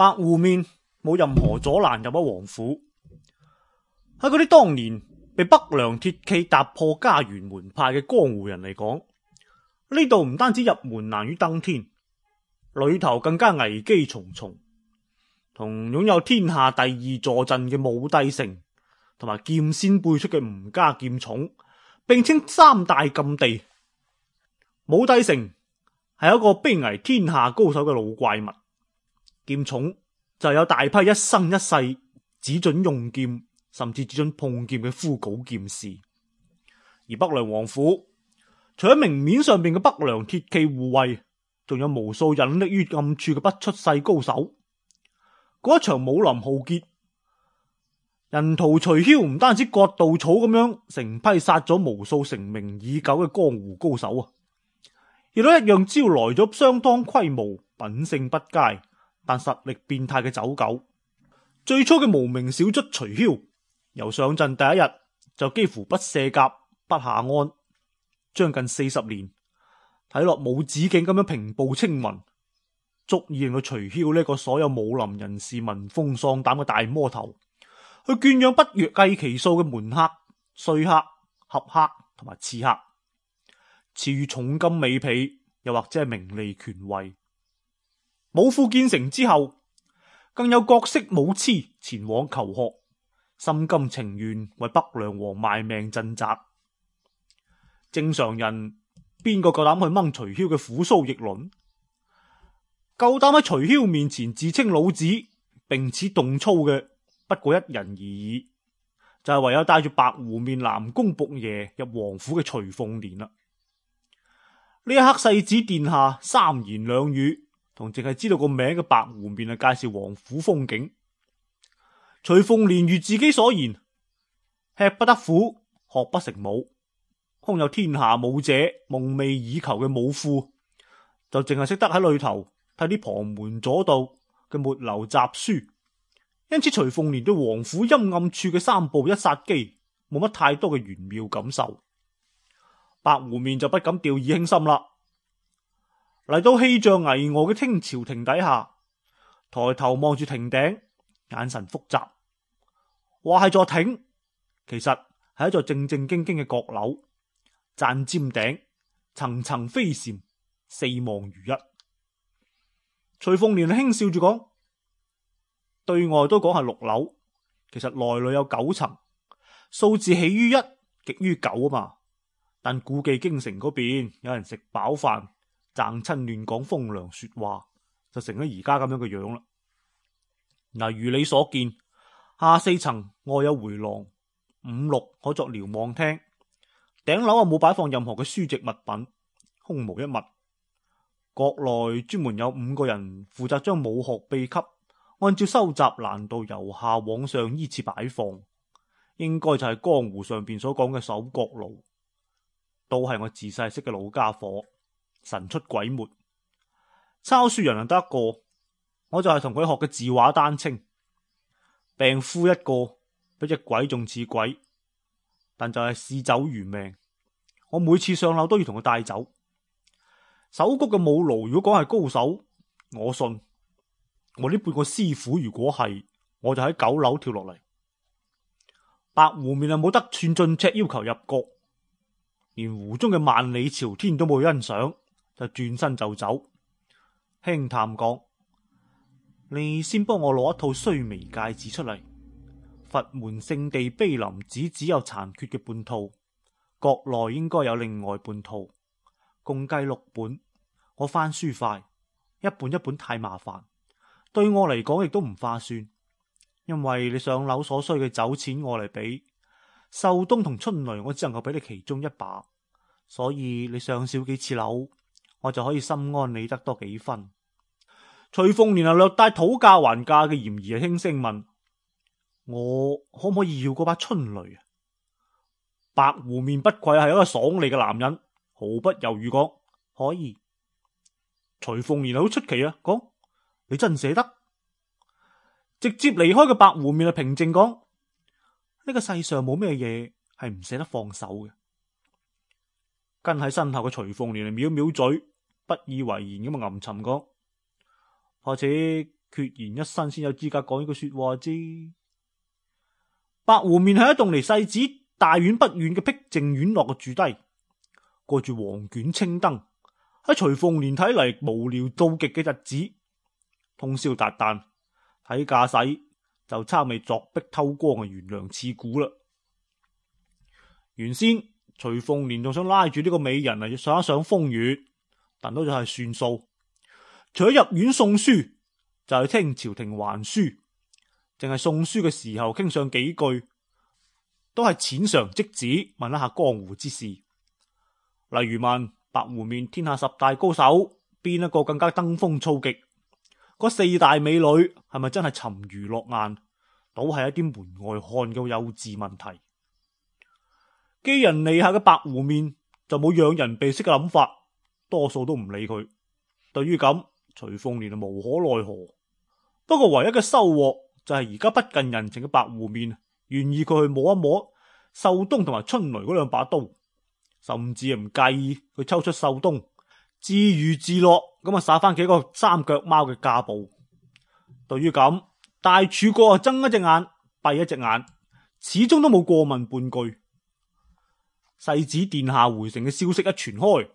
白湖面冇任何阻攔，入咗王府。喺嗰啲當年被北涼鐵騎踏破家園門派嘅江湖人嚟講，呢度唔單止入門難於登天，裏頭更加危機重重。同擁有天下第二坐鎮嘅武帝城，同埋劍仙輩出嘅吳家劍冢，並稱三大禁地。武帝城係一個兵危天下高手嘅老怪物。劍重就有大批一生一世只准用劍，甚至只准碰劍嘅枯槁劍士。而北涼王府除咗明面上邊嘅北涼鐵騎護衛，仲有無數隱匿於暗處嘅不出世高手。嗰一場武林浩劫，人屠徐驍唔單止割稻草咁樣，成批殺咗無數成名已久嘅江湖高手啊！亦都一樣招來咗相當規模、品性不佳，但實力變態嘅走狗，最初嘅無名小卒徐驍，由上陣第一日就幾乎不卸甲不下鞍，將近四十年，睇落冇止境咁樣平步青雲，足以令到徐驍呢個所有武林人士聞風喪膽嘅大魔頭，去豢養不若計其數嘅門客、說客、俠客同埋刺客，賜予重金美婢，又或者係名利權位。武庫建成之後，更有角色武癡前往求學，心甘情願為北涼王賣命盡責。正常人邊個夠膽去掹徐驍嘅虎須？逆倫夠膽喺徐驍面前自稱老子，並此動粗嘅不過一人而已，就係、是、唯有帶住白狐面南宮僕射入王府嘅徐鳳年啦。呢一刻，世子殿下三言兩語。同淨係知道個名嘅白狐面啊，介紹王府風景。徐鳳年如自己所言，吃不得苦，學不成武，空有天下武者夢寐以求嘅武庫，就淨係識得喺裏頭睇啲旁門左道嘅末流雜書。因此，徐鳳年對王府陰暗處嘅三步一殺機冇乜太多嘅玄妙感受。白狐面就不敢掉以輕心啦。嚟到氣象巍峨嘅清朝亭底下，抬頭望住亭頂，眼神複雜，話係座亭，其實係一座正正經經嘅閣樓，攢尖頂，層層飛檐，四望如一。徐鳳年輕笑住講：對外都講係六樓，其實內裏有九層，數字起於一，極於九啊嘛。但估計京城嗰邊有人食飽飯。爭親亂講風涼說話，就成咗而家咁樣嘅樣啦。嗱，如你所見，下四層外有回廊，五六可作瞭望廳，頂樓啊冇擺放任何嘅書籍物品，空無一物。國內專門有五個人負責將武學秘笈按照收集難度由下往上依次擺放，應該就係江湖上邊所講嘅守閣奴，都係我自細識嘅老家伙。神出鬼沒，抄書人人得一個，我就係同佢學嘅字畫丹青。病夫一個，比隻鬼仲似鬼，但就係嗜酒如命。我每次上樓都要同佢帶走。守局嘅武奴，如果講係高手，我信。我呢半個師傅，如果係我就喺九樓跳落嚟。白湖面啊，冇得寸進尺，要求入局，連湖中嘅萬里朝天都冇欣賞。就轉身就走，輕淡講：你先幫我攞一套須彌戒指出嚟。佛門聖地碑林寺只有殘缺嘅半套，國內應該有另外半套，共計六本。我翻書快，一本一本太麻煩，對我嚟講亦都唔劃算。因為你上樓所需嘅酒錢我嚟俾，壽冬同春雷我只能夠俾你其中一把，所以你上少幾次樓。我就可以心安理得多幾分。徐鳳年啊，略帶討價還價嘅嫌疑啊，輕聲問我可唔可以要嗰把春雷啊？白狐面不愧係一個爽利嘅男人，毫不猶豫講可以。徐鳳年好出奇啊，講，你真捨得？直接離開嘅白狐面啊，平靜講呢個世上冇咩嘢係唔捨得放手嘅。跟喺身後嘅徐鳳年啊，藐一藐嘴。不以為然咁啊！吟沉講，或者決然一生先有資格講呢句說話啫。白湖面係一棟離世子大院不遠嘅僻靜院落嘅住低，過住黃卷青燈喺徐鳳年睇嚟無聊到極嘅日子，通宵達旦喺駕駛就差未鑿壁偷光嘅懸梁刺股啦。原先徐鳳年仲想拉住呢個美人啊，上一上風雨。但都仲係算數，除咗入院送書，就係聽朝廷還書，淨係送書嘅時候傾上幾句，都係淺嘗即止，問一下江湖之事。例如問白湖面天下十大高手邊一個更加登峰造極，個四大美女係咪真係沉魚落雁，倒係一啲門外漢嘅幼稚問題。寄人籬下嘅白湖面就冇讓人鼻息嘅諗法。多數都唔理佢，對於咁，徐鳳年就無可奈何。不過唯一嘅收穫就係而家不近人情嘅白狐面願意佢去摸一摸繡冬同埋春雷嗰兩把刀，甚至唔介意佢抽出繡冬自娛自樂咁啊耍翻幾個三腳貓嘅架步。對於咁，大柱國啊睜一隻眼閉一隻眼，始終都冇過問半句。世子殿下回城嘅消息一傳開。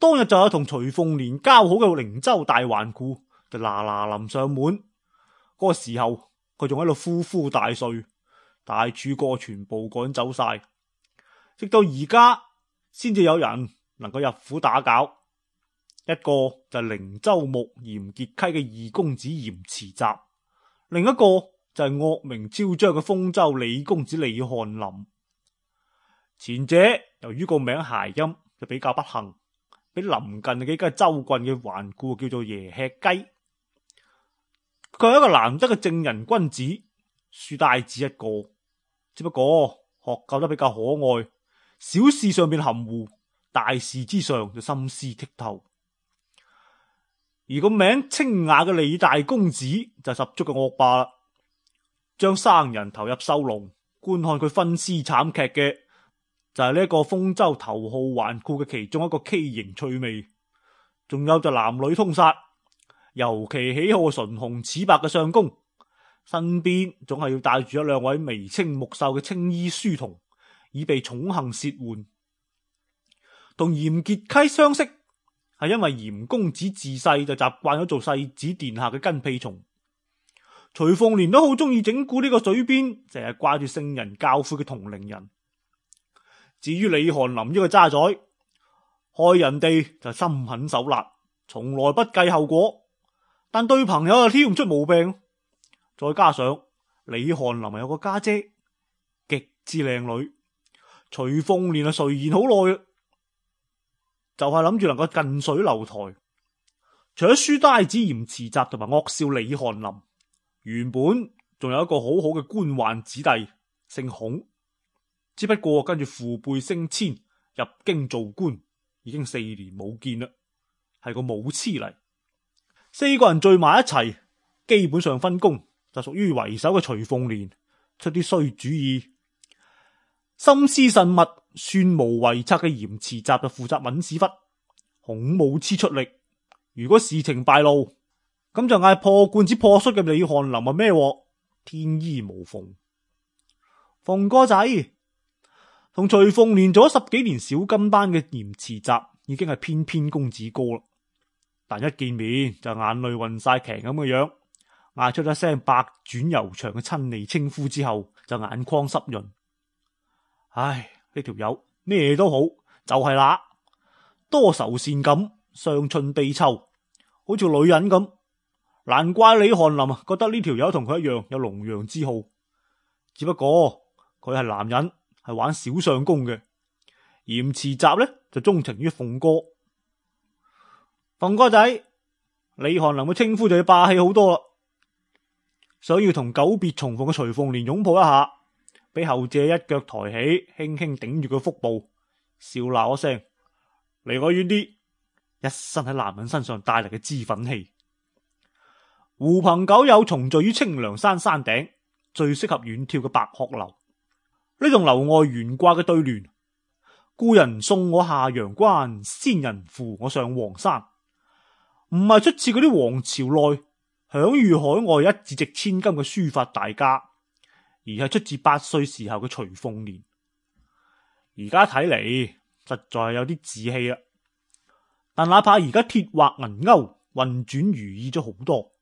當日就有同徐鳳年交好嘅靈州大環顧就嗱嗱臨上門。嗰、那個時候佢仲喺度呼呼大睡，大柱國全部趕走晒，直到而家先至有人能夠入府打攪。一個就係靈州木嚴杰溪嘅二公子嚴池集，另一個就係惡名昭彰嘅豐州李公子李翰林。前者由於個名諧音就比較不幸。俾臨近嘅幾個州郡嘅頑固叫做爺吃雞，佢係一個難得嘅正人君子，書呆子一個，只不過學究得比較可愛，小事上面含糊，大事之上就心思剔透。而個名清雅嘅李大公子就十足嘅惡霸啦，將生人投入收籠，觀看佢分屍慘劇嘅。就係呢一個豐州頭號紈絝嘅其中一個畸形趣味，仲有就男女通殺，尤其喜好唇紅齒白嘅相公，身邊總係要帶住一兩位眉清目秀嘅青衣書童，以備寵幸褻玩。同嚴杰溪相識係因為嚴公子自細就習慣咗做世子殿下嘅跟屁蟲，徐鳳年都好中意整蠱呢個嘴邊淨係掛住聖人教誨嘅同齡人。至於李翰林呢個渣仔，害人哋就心狠手辣，從來不計後果。但對朋友又挑唔出毛病。再加上李翰林係有個家姐、姐，極之靚女。徐鳳年啊，垂涎好耐，就係諗住能夠近水樓台。除咗書呆子嚴詞責同埋惡少李翰林，原本仲有一個好好嘅官宦子弟，姓孔。只不過跟住父輩升遷入京做官，已經四年冇見啦，係個武痴嚟。四個人聚埋一齊，基本上分工就屬於為首嘅徐鳳年出啲衰主意，心思慎密、算無遺策嘅嚴詞集就負責搵屎忽，孔武痴出力。如果事情敗露，咁就嗌破罐子破摔嘅李翰林啊，咩禍？天衣無縫，鳳哥仔。同徐鳳年咗十幾年小跟班嘅嚴辭集已經係翩翩公子哥啦。但一見面就眼淚暈晒劇咁嘅樣，嗌出咗一聲百轉悠長嘅親昵稱呼之後，就眼眶濕潤。唉，呢條友咩嘢都好，就係、是、乸多愁善感、傷春悲秋，好似女人咁。難怪李翰林啊，覺得呢條友同佢一樣有龍陽之好，只不過佢係男人。係玩小相公嘅嚴慈集呢就鍾情於鳳哥。鳳哥仔李翰林嘅稱呼就要霸氣好多啦，想要同久別重逢嘅徐鳳年擁抱一下，俾後者一腳抬起，輕輕頂住佢腹部，笑鬧一聲，離我遠啲！一身喺男人身上帶嚟嘅脂粉氣，狐朋狗友重聚於清涼山山頂，最適合遠眺嘅白鶴樓。呢棟樓外懸掛嘅對聯，故人送我下陽關，先人扶我上黃山，唔係出自嗰啲皇朝內享譽海外一字值千金嘅書法大家，而係出自八歲時候嘅徐鳳年。而家睇嚟，實在有啲自棄啦。但哪怕而家鐵畫銀鈎運轉如意咗好多，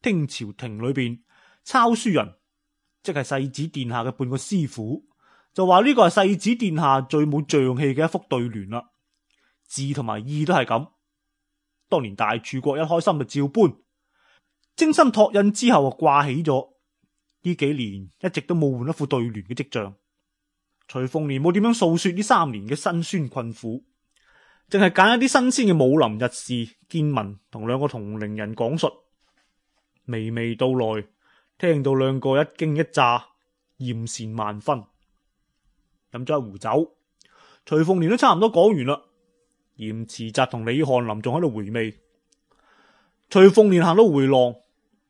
聽朝廷裏邊抄書人。即係世子殿下嘅半個師傅，就話呢個係世子殿下最冇象氣嘅一幅對聯啦，字同埋意都係咁。當年大柱國一開心就照搬，精心拓印之後啊掛起咗，呢幾年一直都冇換一副對聯嘅跡象。徐鳳年冇點樣訴說呢三年嘅辛酸困苦，淨係揀一啲新鮮嘅武林軼事、見聞同兩個同齡人講述，娓娓道來。聽到兩個一驚一乍，艷羨萬分。飲咗一壺酒，徐鳳年都差唔多講完啦。嚴慈澤同李翰林仲喺度回味。徐鳳年行到回廊，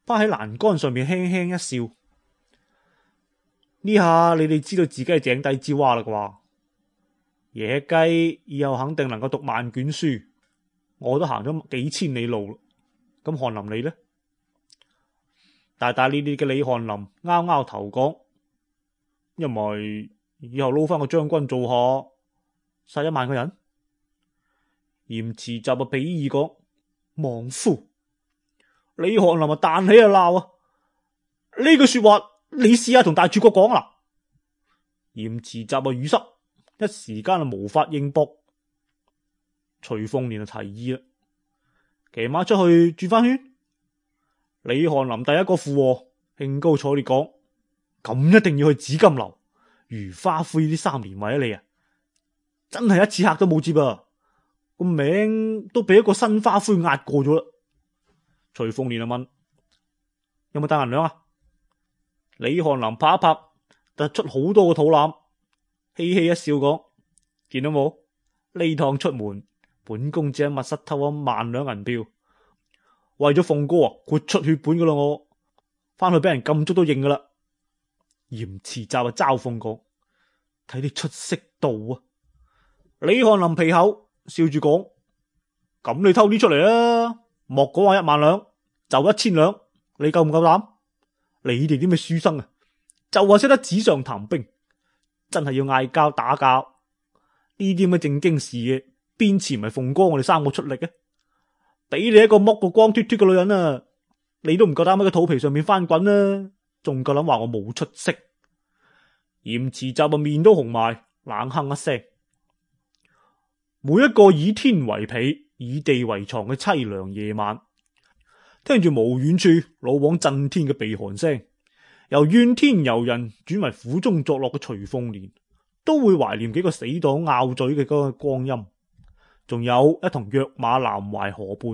趴喺欄杆上面輕輕一笑：呢下你哋知道自己係井底之蛙啦啩？野雞以後肯定能夠讀萬卷書，我都行咗幾千里路，咁翰林你呢？大大咧咧嘅李翰林撓撓頭講，因為以後撈翻個將軍做下，殺一萬個人。嚴辭集啊，比爾講，莽夫！李翰林啊，彈起啊，鬧啊！呢句說話，你試下同大柱國講啦，啊。嚴辭集啊，語塞，一時間啊，無法應駁。徐鳳年就提議啦，騎馬出去轉翻圈。李翰林第一個附和，興高采烈講：咁一定要去紫金樓，如花魁呢三年為咗你啊，真係一次客都冇接啊，個名都俾一個新花魁壓過咗啦。徐鳳年問：有冇帶銀兩啊？李翰林拍一拍，突出好多個肚腩，嘻嘻一笑講：見到冇？呢趟出門，本公只係密室偷咗萬兩銀票。為咗鳳哥啊，豁出血本噶啦，我翻去俾人禁足都認噶啦，嚴辭就啊，嘲鳳哥，睇你出色到啊！李翰林皮口笑住講：咁你偷啲出嚟啊，莫講話一萬兩，就一千兩，你夠唔夠膽？你哋啲咩書生啊，就話識得紙上談兵，真係要嗌交打交呢啲咁嘅正經事嘅，邊次唔係鳳哥我哋三個出力嘅。」俾你一個剝個光脱脱嘅女人啊，你都唔夠膽喺個肚皮上面翻滾啦，啊，仲夠膽話我冇出息？嚴池集啊，面都紅埋，冷哼一聲。每一個以天為被、以地為床嘅淒涼夜晚，聽住無遠處老黃震天嘅鼻鼾聲，由怨天尤人轉為苦中作樂嘅徐鳳年，都會懷念幾個死黨拗嘴嘅嗰個光陰。仲有一同躍馬南淮河畔，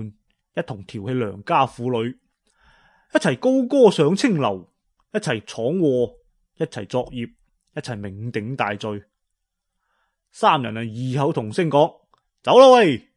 一同調戲良家婦女，一齊高歌上青樓，一齊闖禍，一齊作孽，一齊酩酊大醉。三人啊，異口同聲講：走啦喂！